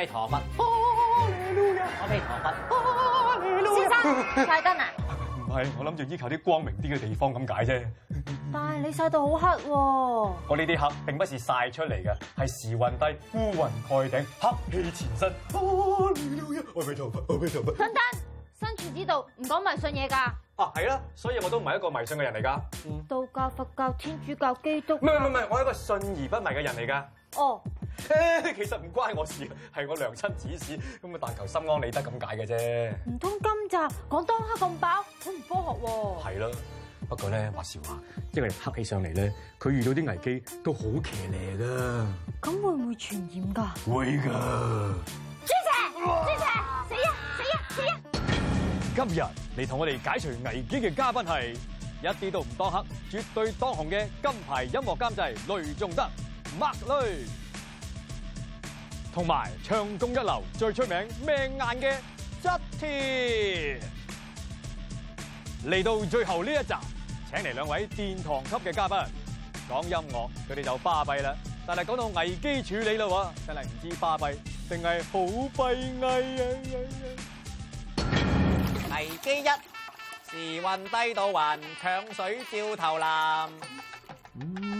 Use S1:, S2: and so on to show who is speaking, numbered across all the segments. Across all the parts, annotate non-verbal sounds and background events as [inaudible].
S1: 我
S2: 哋唐佛，我哋逃佛，先生，
S1: 財得啊？唔係，我諗住依靠啲光明啲嘅地方咁解啫。
S2: 但係你晒到好黑喎！
S1: 我呢啲黑並不是晒出嚟嘅，係時運低，烏雲蓋頂，黑氣纏身。我哋逃佛，我哋逃佛。
S2: 等等，生存之道唔講迷信嘢㗎。啊，
S1: 係啦，所以我都唔係一個迷信嘅人嚟㗎。嗯，
S2: 道教、佛教、天主教、基督，唔係唔係，
S1: 我係一個信而不迷嘅人嚟㗎。哦。其實唔關我事，係我娘親指使咁啊，但求心安理得咁解嘅啫。
S2: 唔通今集講當黑咁爆好唔科學？啊。係
S1: 啦，不過咧話時話，因為黑起上嚟咧，佢遇到啲危機都好騎呢啦。
S2: 咁會唔會傳染噶？會噶。朱 Sir，朱 Sir，死呀！死呀！死呀！
S1: 今日嚟同我哋解除危機嘅嘉賓係一啲都唔當黑，絕對當紅嘅金牌音樂監製雷頌德 Mark 雷。同埋唱功一流、最出名命硬嘅側田嚟到最後呢一集，請嚟兩位殿堂級嘅嘉賓，講音樂佢哋就巴閉啦，但係講到危機處理啦，真係唔知巴閉定係好閉翳啊！危機一，時運低到暈，鏹水照頭淋。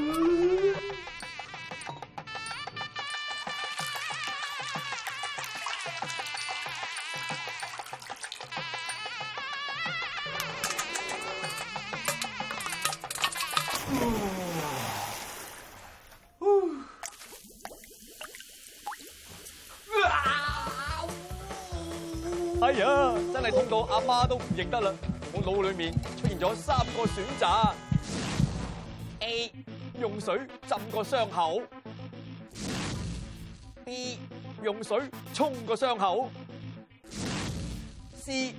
S1: 哎呀，真係痛到阿媽都唔認得啦！我腦裏面出現咗三個選擇：A 用水浸個傷口，B 用水沖個傷口，C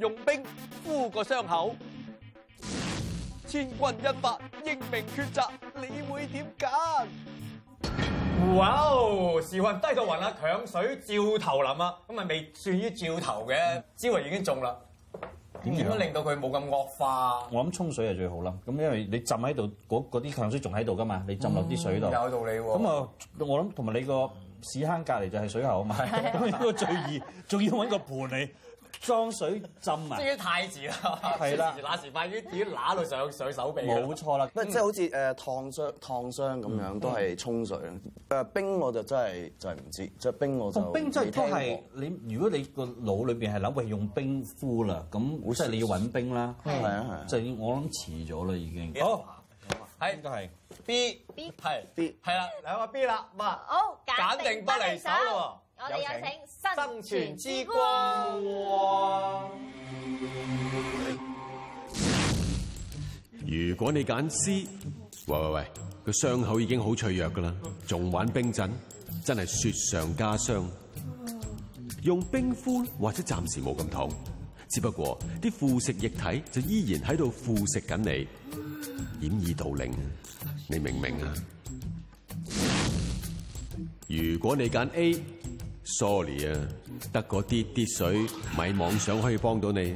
S1: 用冰敷個傷口，口。千鈞一髮，英明抉擇，你會點揀？哇！時運低到暈啊，鏹水照頭淋啊，咁咪未算於照頭嘅，招、嗯、雲已經中啦。
S2: 點樣，樣令
S1: 到佢冇咁惡化？我諗沖水係最好啦。咁因為你浸喺度，嗰啲鏹水仲喺度㗎嘛，你浸落啲水度。有道理喎。咁啊，我諗同埋你個屎坑隔離就係水喉啊嘛。咁呢個最易，仲要揾個盆你。裝水浸啊！即係太遲啦，係啦，那時快啲點揦落上上手臂沒。冇
S3: 錯啦，即係好似誒燙傷燙傷咁樣，都係沖水。誒冰我就真係
S1: 就係唔知，即係冰我就、哦、冰即係你，如果你個腦裏面係諗係用冰敷啦，咁即係你要揾冰啦，係啊係，是就我諗遲咗啦已經。好，係係 B，b 係 B，係啦，兩個 B 啦，唔好，揀定不
S2: 離手咯喎。我哋有請生存之
S4: 光。如果你揀 C，喂喂喂，個傷口已經好脆弱噶啦，仲玩冰鎮，真係雪上加霜。用冰敷或者暫時冇咁痛，只不過啲腐蝕液體就依然喺度腐蝕緊你，掩耳盜鈴，你明唔明啊？如果你揀 A。Sorry 啊，得個啲啲水，咪妄想可以幫到你。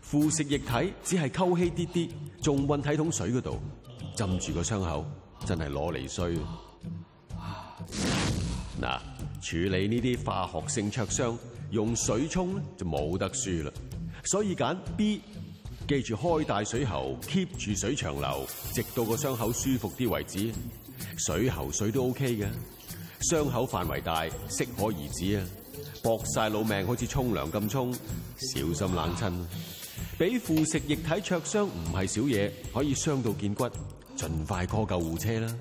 S4: 腐蝕液體只係溝稀啲啲，仲混喺桶水嗰度浸住個傷口，真係攞嚟衰。嗱， [laughs] 處理呢啲化學性灼傷，用水沖咧就冇得輸啦。所以揀 B，記住開大水喉，keep 住水長流，直到個傷口舒服啲為止。水喉水都 OK 嘅。傷口範圍大，適可而止啊！搏曬老命好似沖涼咁沖，小心冷親。俾腐蝕液體灼傷唔係少嘢，可以傷到見骨，盡快 call 救護車啦！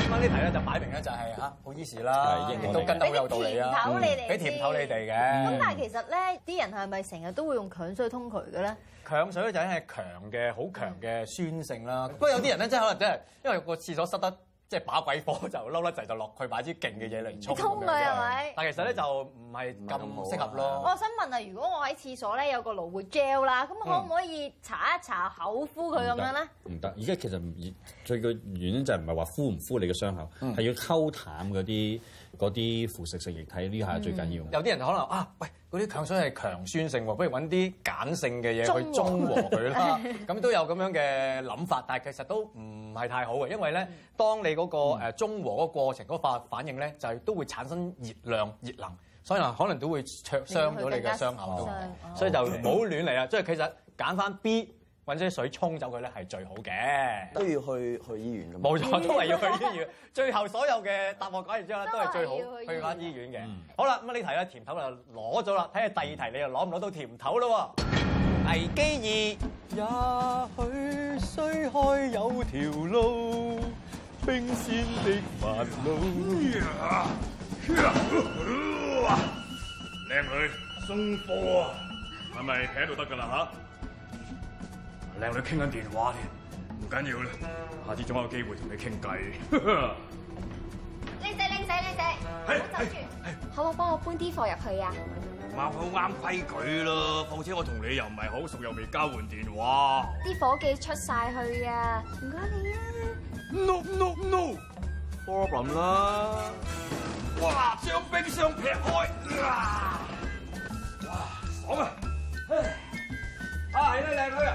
S1: 今晚呢題咧就擺明咧就係啊，好意思啦，都跟得好有道
S2: 理啦，俾甜頭你哋，俾甜頭你哋嘅。咁但係其實咧，啲人係咪成日都會用鏹水通渠嘅咧？
S1: 鏹水就係強嘅，好強嘅酸性啦。不過有啲人咧，真係可能真係因為個廁所塞得。即係把鬼火就嬲一陣，就落去買啲勁嘅嘢嚟沖㗎佢，係咪？但其實咧、嗯、就唔係咁適合咯、嗯。我
S2: 想問啊，如果我喺廁所咧有個蘆薈 gel 啦，咁可唔可以搽、嗯、一搽口敷佢咁樣咧？
S1: 唔得，而家其實最個原因就唔係話敷唔敷你嘅傷口，係、嗯、要溝淡嗰啲嗰啲腐蝕性液體呢下最緊要。嗯、有啲人可能啊，喂。嗰啲強酸係強酸性喎，不如揾啲鹼性嘅嘢去中和佢啦。咁都有咁樣嘅諗法， [laughs] 但係其實都唔係太好嘅，因為咧，當你嗰個誒中和嗰過程嗰化反應咧，就係都會產生熱量熱能，所以可能都會灼傷咗你嘅傷口。所以就唔好亂嚟啦。即係其實揀翻 B。揾啲水沖走佢咧係最好嘅，都
S3: 要去去醫院咁。冇錯，都係要去醫院。
S1: 最後所有嘅答案講完之後咧，都係最好去翻醫院嘅。嗯、好啦，咁啊呢題咧甜頭就攞咗啦，睇下第二題你又攞唔攞到甜頭咯喎。危機二，也許衰開有條路，冰室的懷抱。靚、嗯、女、嗯、送貨，係咪企喺度得㗎啦吓？靚女傾緊電話添，唔緊要啦，下次仲有機會同你傾偈。
S2: 靚 [laughs] 仔，靚仔，靚仔，係好走住！好，我幫我搬啲貨入去啊！
S1: 麻好啱規矩咯，況且我同你又唔係好熟，又未交換電話。
S2: 啲伙計出晒去不啊！唔該你啊！No no no，
S1: 破品啦！哇，將冰箱劈開！哇，爽啊！唉，啊，係啦，靚女啊！.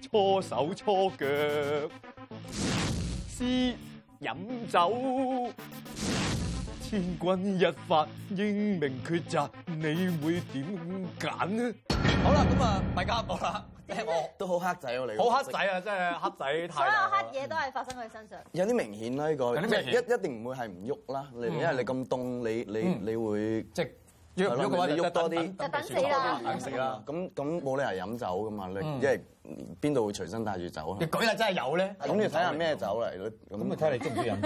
S1: 搓手搓腳，私飲酒，千鈞一髮，英明抉擇，你會點揀呢？好啦，咁 [laughs] 啊，大家好啦啦，聽我都好黑仔啊你，好黑仔啊，真係黑仔
S3: 太。 [laughs] 所有黑
S2: 嘢都係發生喺佢身上，
S3: 有啲明顯啦呢個，一一定唔會係唔喐啦，你因為你咁凍，你你你、嗯、你會。就是如果嘅話，你喐多啲，就等死啦，食啦。咁咁冇理由飲酒噶嘛？你、嗯、因為邊度會隨身帶住酒？舉看看酒酒，你舉例真係有咧，咁你要睇下咩酒嚟咯。咁啊，睇下你中唔中意
S4: 飲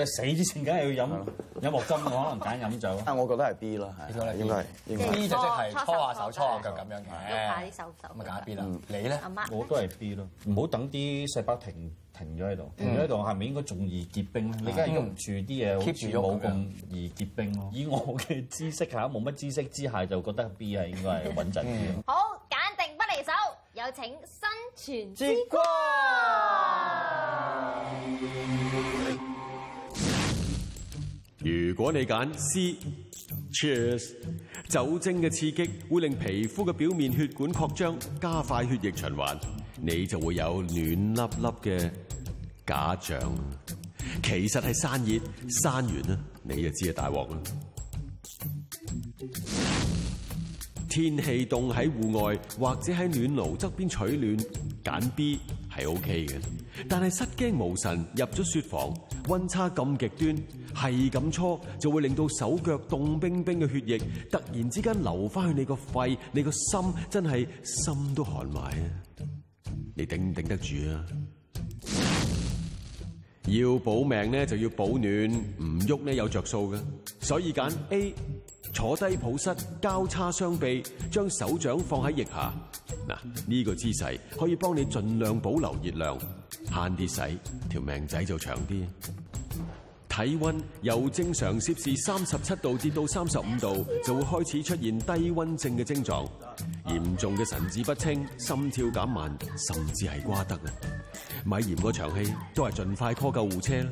S4: 酒？
S1: [laughs] 死之前梗係
S3: 要飲。 [laughs] 有毛巾，我可能揀飲酒。但係我覺得係 B 咯，應該應該應該。B 就即係搓下手、
S1: 搓下腳咁樣嘅，誒。搓下啲
S2: 手手。咁咪揀 B 啦。你咧？阿媽？我都係
S1: B 咯。唔好等啲細胞停停咗喺度，停咗喺度，係咪應該仲易結冰咧？你而家用住啲嘢，冇咁易結冰。以我嘅知識嚇，冇乜知識之下，就覺得 B 係應
S4: 該係穩陣啲。
S2: 好，揀定不離手，有請生存之光。
S4: 如果你揀 C，Cheers！酒精嘅刺激會令皮膚嘅表面血管擴張，加快血液循環，你就會有暖粒粒嘅假象，其實係散熱，散完啦，你就知係大鑊啦。天氣凍，喺戶外或者喺暖爐側邊取暖，揀 B 係 OK 嘅。但係失驚無神，入咗雪房，溫差咁極端，係咁搓就會令到手腳凍冰冰嘅血液突然之間流翻去你個肺，你個心真係心都寒埋啊！你頂唔頂得住啊？要保命咧就要保暖，唔喐咧有着數嘅，所以揀 A，坐低抱膝，交叉雙臂，將手掌放喺腋下。嗱，呢個姿勢可以幫你盡量保留熱量，慳啲使條命仔就長啲。體溫由正常攝氏三十七度至到三十五度，就會開始出現低溫症嘅症狀，嚴重嘅神志不清、心跳減慢，甚至係瓜得啊！咪嫌個長氣都係盡快 call 救護車啦。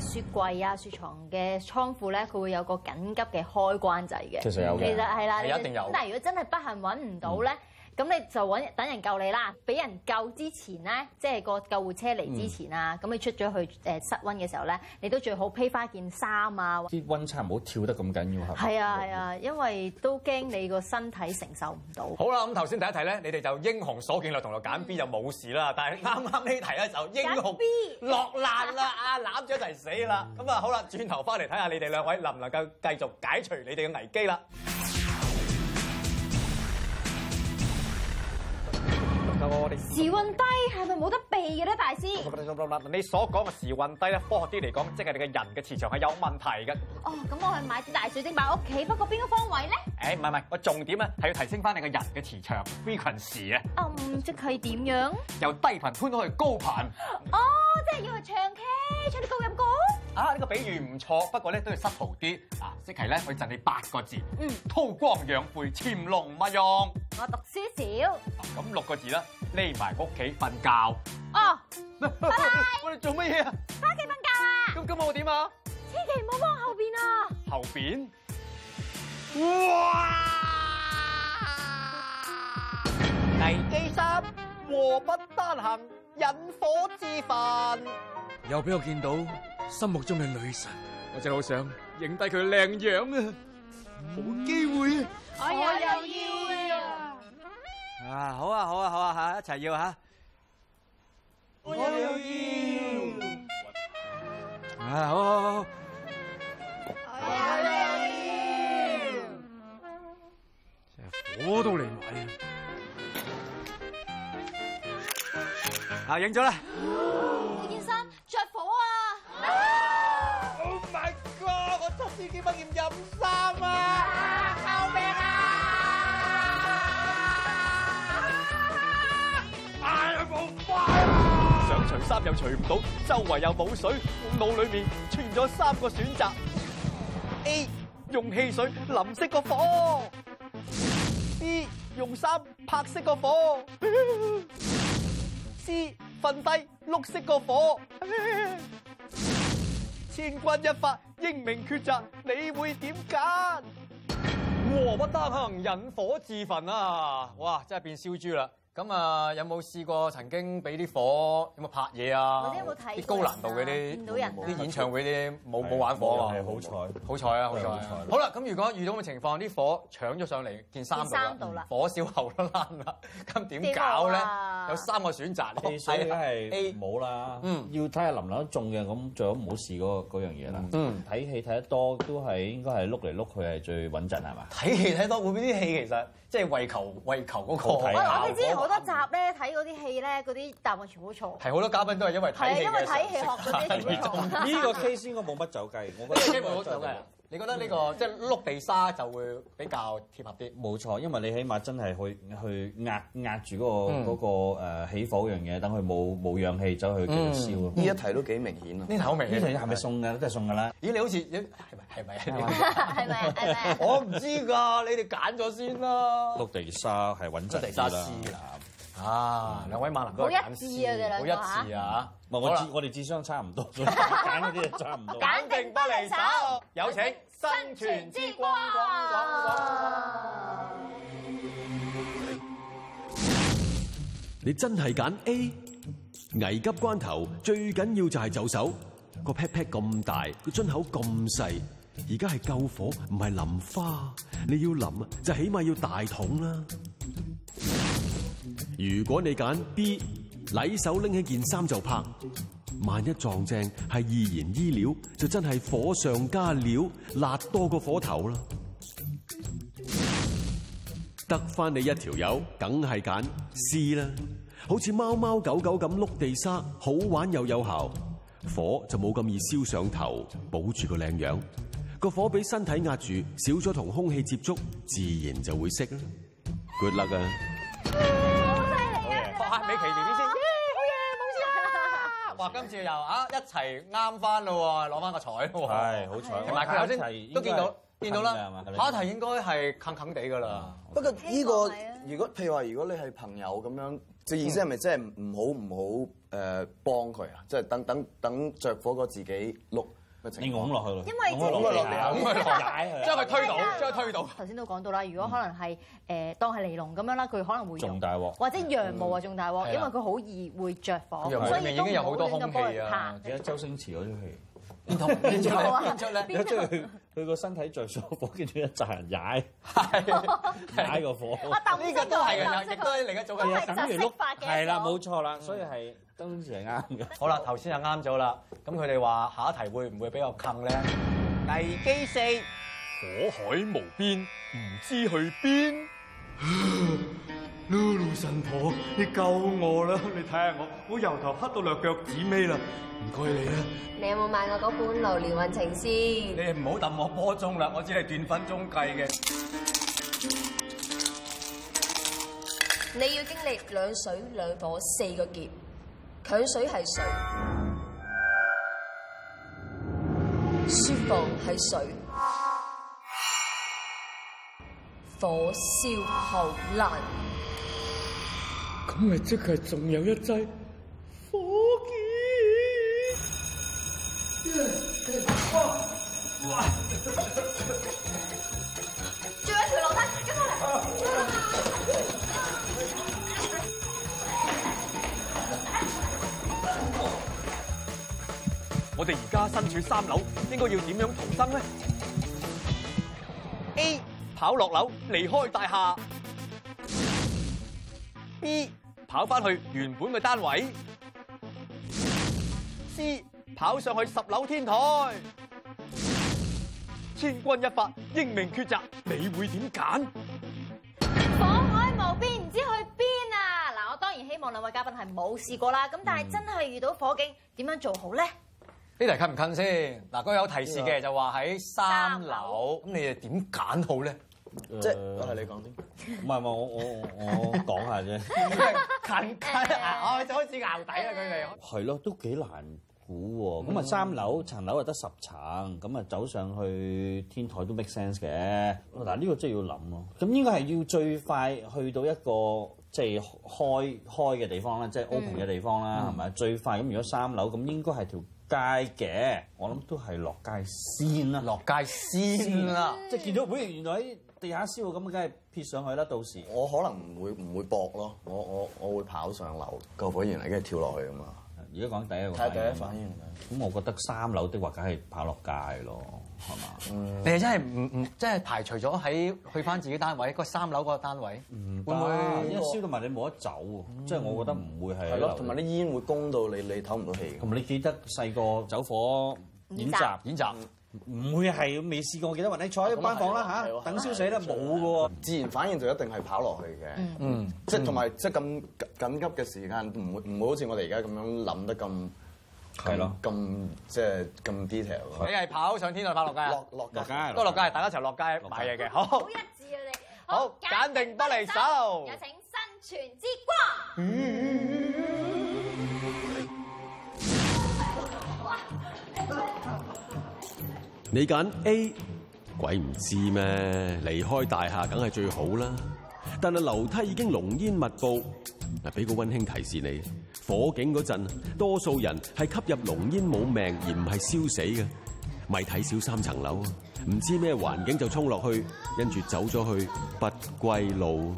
S2: 雪櫃啊，雪藏嘅倉庫咧，佢會有個緊急嘅開關掣嘅，其實有嘅，其實係啦，你一定有，咁但係如果真係不幸揾唔到咧。嗯咁你就揾等人救你啦，俾人救之前咧，即係個救護車嚟之前啊，咁你出咗去誒室溫嘅時候咧，你都最好披翻件衫啊！啲
S1: 溫差唔好跳得咁緊要嚇。係啊
S2: 係啊，因為都驚你個身體承受唔到。好
S1: 啦，咁頭先第一題咧，你哋就英雄所見略同，就揀 B 就冇事啦。但係啱啱呢題咧就英雄
S2: 落難
S1: 啦，阿攬住一齊死啦。咁啊好啦，轉頭翻嚟睇下你哋兩位能唔能夠繼續解除你哋嘅危機啦。
S2: 時運低係咪冇得避嘅咧，大
S1: 師？你所講嘅時運低咧，科學啲嚟講，即係你嘅人嘅磁場係有問題
S2: 嘅。哦，咁我去買啲大水晶擺喺屋企，不過邊個方位咧？
S1: 誒，唔係唔係，我重點咧係要提升翻你嘅人嘅磁場 frequency
S2: 啊。啊，即係點樣？
S1: 由低頻搬到去高頻。
S2: 哦，即係要去唱 K，唱啲高音歌。啊，呢個比喻
S1: 唔錯，不過咧都要失豪啲。即係咧，我贈你八個字：韜光養晦，潛龍勿用。
S2: 我讀書少。
S1: 咁六個字啦，匿埋屋企瞓覺。哦，
S2: 拜拜。我哋做乜嘢啊？翻屋企瞓覺啊！咁今日我點啊？千祈唔好望後邊啊！
S1: 後邊。哇！危機三，禍不單行，引火自焚。又俾我見到心目中嘅女神，我真係好想，影低佢靚樣啊！冇機會
S2: 啊！我又要啊！
S1: 啊好啊好啊好啊吓，一齊要吓！
S2: 我又要！
S1: 啊我！我
S2: 又要！
S1: 真係火都嚟埋啊！啊影咗啦！
S2: 十幾萬件任衫啊！救
S1: 命啊！啊！冇快啊！想除衫又除唔到，周圍又冇水，我腦裏面出現咗三個選擇：A 用汽水淋熄個火，B 用衫拍熄個火，C 瞓低轆熄個火。千鈞一髮，英明抉擇，你會點揀？禍不單行，引火自焚啊！哇，真係變燒豬啦！咁啊，有冇試過曾經俾啲火有冇拍嘢啊？啲有有高難度嗰啲，啲、啊、演唱會啲冇冇玩火啊？好彩、啊啊啊，好彩啊，好、嗯、彩。好、嗯、啦，咁、嗯、如果遇到咁嘅情況，啲火搶咗上嚟件衫度啦，火燒喉都爛啦，咁點搞咧、啊？有三個選擇，必須係 A 冇啦。嗯，要睇下林林中嘅咁，最好唔好試嗰嗰樣嘢啦。嗯，睇戲睇得多都係應該係碌嚟碌去係最穩陣係嘛？睇戲睇多會畀啲戲其實即係、就是、為求為求嗰、那個好
S2: 多集咧睇嗰啲戲咧，嗰啲答案全部錯。
S1: 係好多嘉賓都係因為睇戲嘅。係啊，因為睇戲學咗啲知識。呢個 case 應該冇乜走雞，我覺得。這個 [laughs] 你覺得呢、呢個即係碌地沙就會比較貼合啲？冇錯，因為你起碼真係去去壓壓住嗰、嗰個嗰、嗯嗰個、起火嘅樣嘢，等佢冇冇氧氣走去燒呢、嗯、一題都幾明顯啊！呢題好明顯呢題係咪送㗎？都係送㗎啦！咦，你好似係咪係咪係咪？係咪？係咪 [laughs] 係咪係咪 [laughs] 我唔知㗎，你哋揀咗先啦！碌地沙係穩陣啲啦。啊！兩位馬林哥，冇一次啊，冇一次啊嚇！唔係我智，我哋智商差唔多，揀啲嘢差唔多，揀定不離手。有請
S2: 生存之光，
S4: 你真係揀 A？危急關頭最緊要就係就手。個 pat pat 咁大，個樽口咁細，而家係救火，唔係淋花。你要淋就起碼要大桶啦。如果你揀 B，禮手拎起件衫就拍，萬一撞正係易燃衣料，就真係火上加料，辣多過火頭啦。得翻，你一條友，梗係揀 C 啦，好似貓貓狗狗咁碌地沙，好玩又有效，火就冇咁易燒上頭，保住個靚樣，個火俾身體壓住，少咗同空氣接觸，自然就會熄啦。Good luck 啊！
S1: 你
S2: 企住啲先，咦，好嘢，
S1: 冇事啦！哇，今次又啊一齊啱翻咯喎，攞翻個彩喎，係好彩！同埋頭先都見到，到見到啦。下一題應該係近近地㗎啦。Okay.
S3: 不過呢、呢個如果譬如話，如果，如如果你係朋友咁樣，即意思係咪即係唔好唔好誒幫佢啊？即、就、係、是、等等等着火過自己碌。你咁落去咯，講落去解，講落去解，因為、就是、推
S2: 倒，因為推倒。頭先都講到啦，如果可能係、嗯、當係尼龍咁樣啦，佢可能會中大鑊，或者羊毛啊中大鑊、就是，因為佢好易會着火、啊，所以都好短嘅幫佢拍。而家、
S1: 啊、周星馳嗰啲戲。變出嚟，變出嚟，變出嚟，佢個身體著上火，見住一紮人踩，踩個火。呢個都係噶，所以另一種係啊，等於碌發嘅，係啦，冇錯啦，所以係都算係啱嘅。好啦，頭先就啱咗啦，咁佢哋話下一題會唔會比較坑咧？危機四，火海無邊，唔知去邊？Lulu 神婆，你救我啦！你睇下我，我由頭黑到落腳趾尾啦！唔該你啊！
S2: 你有冇買我嗰本流年運程先？
S1: 你唔好揼我波鐘啦，我只係斷分鐘計嘅。
S2: 你要經歷兩水兩火四個劫，鏹水係水，雪房係水，
S3: 火燒後難。
S1: 咁咪即係仲有一劑火
S3: 箭。
S2: 啊！喂！仲有一條樓梯，跟住
S1: 嚟。我哋而家身處三樓，應該要點樣逃生呢？A. 跑落樓離開大廈。B. 跑翻去原本嘅單位，C 跑上去十樓天台，千鈞一髮，英明抉擇，你會點揀？
S2: 火海無邊，唔知去邊啊！嗱，我當然希望兩位嘉賓係冇試過啦，咁但係真係遇到火警，點樣做好咧？
S1: 呢、嗯、題近唔近先？嗱、嗯，佢、嗰個、有提示嘅，就話喺三樓，咁、嗯、你哋點揀好咧？即係、呃， [laughs] [laughs] 都係你講啲，唔係唔係，我我我講下啫。
S2: 近街啊，
S1: 我就開始淆底啊，佢哋。係咯，都幾難估喎。咁啊，三樓層樓又得十層，咁啊走上去天台都 make sense 嘅。嗱，呢個真係要諗咯。咁應該係要最快去到一個即係、就是、開開嘅地方啦，即係 open 嘅地方啦，係、嗯、咪？嗯、最快咁，如果三樓咁，應該係條街嘅。我諗都係落街先啦，落街先啦。嗯、即係見到，喂，原來喺～地下燒咁梗係撇上去啦，到時。我可能唔會唔會搏咯，我我我會跑上樓。救火員嚟梗係跳落去㗎嘛。而家講第一個，第一反應。咁我覺得三樓的話是跑下，梗係跑落街咯，係、嗯、嘛？你係真係唔唔，即係排除咗喺去返自己單位，個三樓嗰個單位，會唔會，會，唔會、啊、一燒到埋你冇得走？即、嗯、係、就是、我覺得唔會係。係咯，同埋啲煙會攻到你，你唞唔到氣。同埋你記得細個走火演習，演習。演習嗯唔會係未試過，我記得話你坐喺班房啦嚇、啊就係啊，等消息咧冇嘅
S3: 喎。自然反應就一定係跑落去嘅，
S2: 嗯，
S3: 即係同埋即係咁緊急嘅時間，唔會唔會好似我哋而家咁樣諗得咁係咯，咁即係咁 detail。
S1: 你係跑上天台跑落街落落街，落街，大家一齊落街買嘢嘅，好一致啊！你好，好，簡定不離手，手。有
S2: 請生存之光。嗯嗯
S4: 你揀 A，鬼唔知咩？離開大廈梗係最好啦。但係樓梯已經濃煙密布，嗱俾個溫馨提示你：火警嗰陣，多數人係吸入濃煙冇命，而唔係燒死嘅。咪睇小三層樓，唔知咩環境就衝落去，跟住走咗去不歸路。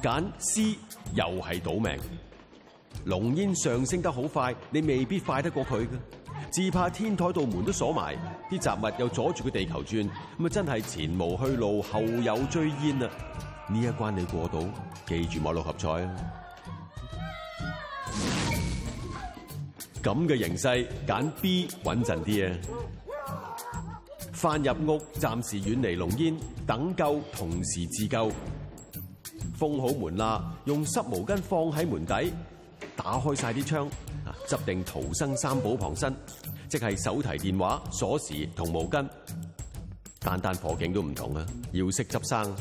S4: 揀、啊、C 又係賭命，濃煙上升得好快，你未必快得過佢㗎。自怕天台度門都鎖埋，啲雜物又阻住個地球轉，咁啊真係前無去路，後有追煙呢、啊、一關你過到，記住買六合彩啊！咁嘅形勢，揀 B 穩陣啲啊！翻、啊、入屋，暫時遠離濃煙，等救同時自救，封好門啦，用濕毛巾放喺門底，打開晒啲窗。執定逃生三寶旁身，即係手提電話、鎖匙同毛巾。單單火警都唔同啦，要識執生。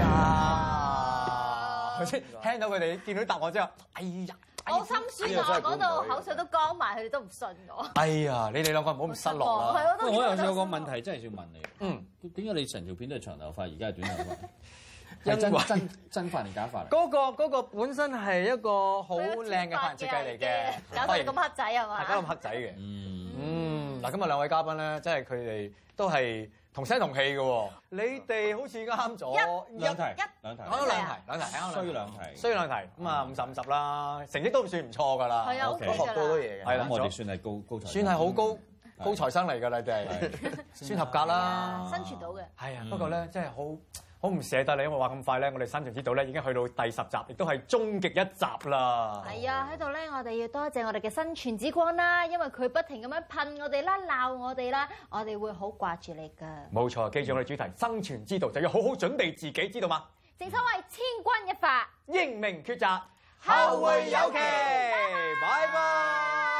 S1: 啊！頭先聽到佢哋見到答案之後，哎呀！哎呀
S2: 我心酸啊、哎，我嗰度口水都乾埋，佢哋都唔信
S1: 我。哎呀，你哋兩個唔好咁失落係，我都我有個問題真係要問你，嗯，點解你成條片都係長頭髮，而家係短頭髮？ [laughs] 真 [laughs] 真真髮定假髮嚟。嗰、嗰個嗰個本身係一個好靚嘅髮型設計嚟嘅，搞到你
S2: 咁黑仔啊嘛，係咁
S1: 黑仔嘅。嗯嗱、嗯，今日兩位嘉賓咧，即係佢哋都係同聲同氣嘅、嗯嗯嗯。你哋好似啱咗兩題，兩題，考咗兩題，兩題，衰兩題，衰兩題。咁啊，五十五十啦，成績都算唔錯㗎啦、okay 嗯。係啊，都學到好多嘢嘅。啦，我哋算係高高，高才生嗯、算係好高高才生嚟㗎啦，哋係算合格啦，
S2: 生存
S1: 到嘅。啊，不過咧，真係好。好唔捨得你，因為話咁快咧，我哋生存之道咧已經去到第十集，亦都係終極一集啦。係、哎、
S2: 啊，喺度咧，我哋要多謝我哋嘅生存之光啦，因為佢不停咁樣噴我哋啦、鬧我哋啦，我哋會好掛住你噶。
S1: 冇錯，記住我哋主題，生存之道就要好好準備自己，知道嘛？
S2: 正所謂千鈞一髮，英明抉擇，後會有期，拜拜。拜拜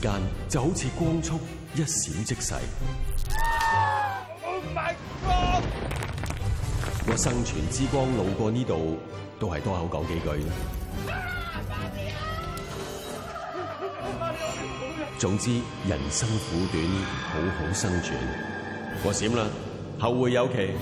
S4: 間就好似光速一閃即逝，oh，我生存之光路過呢度都係多口講幾句。總之，人生苦短，好好生存。我閃啦，後會有期。